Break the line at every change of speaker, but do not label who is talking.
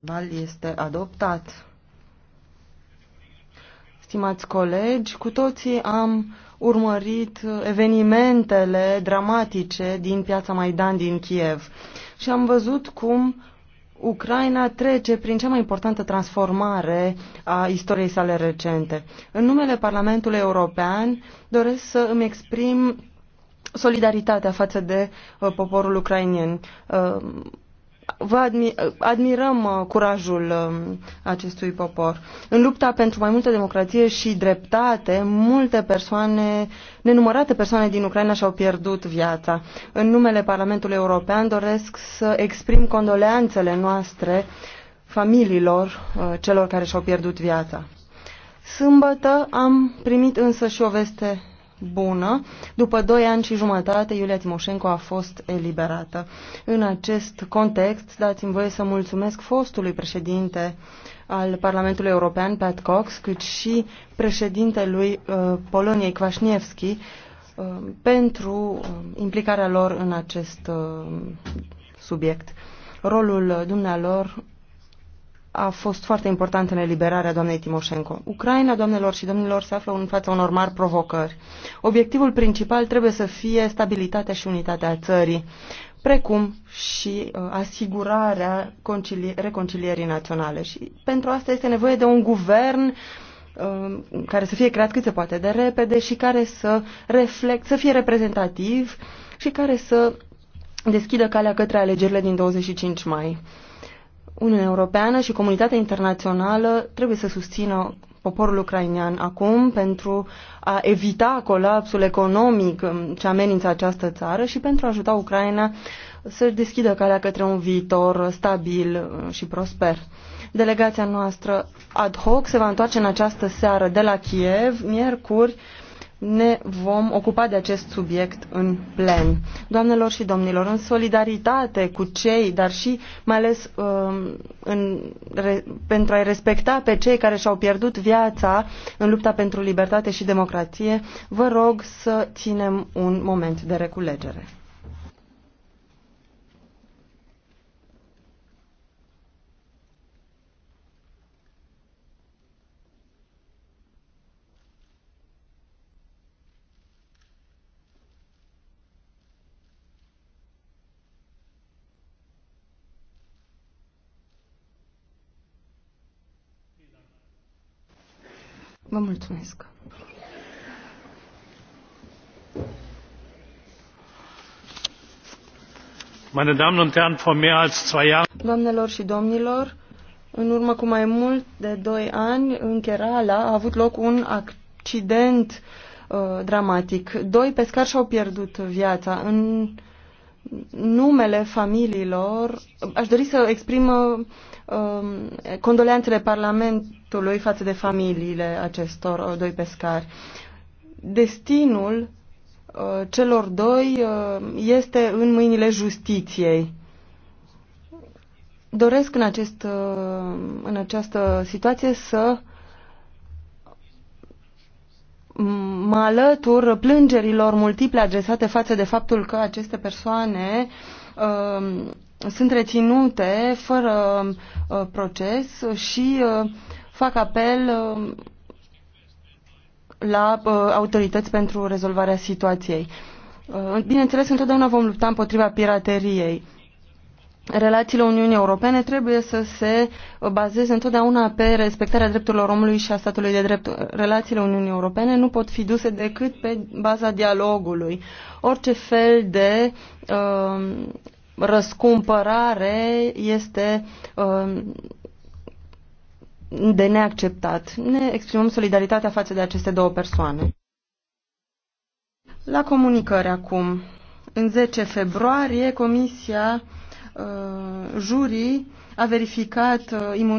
Val este adoptat. Stimați colegi, cu toții am urmărit evenimentele dramatice din piața Maidan din Kiev și am văzut cum Ucraina trece prin cea mai importantă transformare a istoriei sale recente. În numele Parlamentului European doresc să îmi exprim solidaritatea față de uh, poporul ucrainien. Uh, vă admi- admirăm uh, curajul um, acestui popor. În lupta pentru mai multă democrație și dreptate, multe persoane, nenumărate persoane din Ucraina și-au pierdut viața. În numele Parlamentului European doresc să exprim condoleanțele noastre familiilor uh, celor care și-au pierdut viața. Sâmbătă am primit însă și o veste bună. După doi ani și jumătate, Iulia Timoșenko a fost eliberată. În acest context, dați-mi voie să mulțumesc fostului președinte al Parlamentului European, Pat Cox, cât și președintelui uh, Poloniei, Kwaśniewski, uh, pentru uh, implicarea lor în acest uh, subiect. Rolul uh, dumnealor a fost foarte important în eliberarea doamnei Timoșenko. Ucraina, doamnelor și domnilor, se află în fața unor mari provocări. Obiectivul principal trebuie să fie stabilitatea și unitatea țării, precum și uh, asigurarea reconcilierii naționale. Și pentru asta este nevoie de un guvern uh, care să fie creat cât se poate de repede și care să reflect, să fie reprezentativ și care să deschidă calea către alegerile din 25 mai. Uniunea Europeană și comunitatea internațională trebuie să susțină poporul ucrainean acum pentru a evita colapsul economic um, ce amenință această țară și pentru a ajuta Ucraina să-și deschidă calea către un viitor stabil uh, și prosper. Delegația noastră ad hoc se va întoarce în această seară de la Kiev, miercuri, ne vom ocupa de acest subiect în plen. Doamnelor și domnilor, în solidaritate cu cei, dar și mai ales um, în, re, pentru a-i respecta pe cei care și-au pierdut viața în lupta pentru libertate și democrație, vă rog să ținem un moment de reculegere. Vă mulțumesc. Doamnelor și domnilor, în urmă cu mai mult de doi ani, în Kerala a avut loc un accident uh, dramatic. Doi pescari și-au pierdut viața. În numele familiilor, aș dori să exprim um, condoleanțele Parlamentului față de familiile acestor uh, doi pescari. Destinul uh, celor doi uh, este în mâinile justiției. Doresc în, acest, uh, în această situație să uh, mă alătur plângerilor multiple adresate față de faptul că aceste persoane um, sunt reținute fără um, proces și uh, fac apel um, la uh, autorități pentru rezolvarea situației. Uh, bineînțeles, întotdeauna vom lupta împotriva pirateriei relațiile Uniunii Europene trebuie să se bazeze întotdeauna pe respectarea drepturilor omului și a statului de drept. Relațiile Uniunii Europene nu pot fi duse decât pe baza dialogului. Orice fel de uh, răscumpărare este uh, de neacceptat. Ne exprimăm solidaritatea față de aceste două persoane. La comunicări acum. În 10 februarie, Comisia Uh, jurii a verificat uh, imun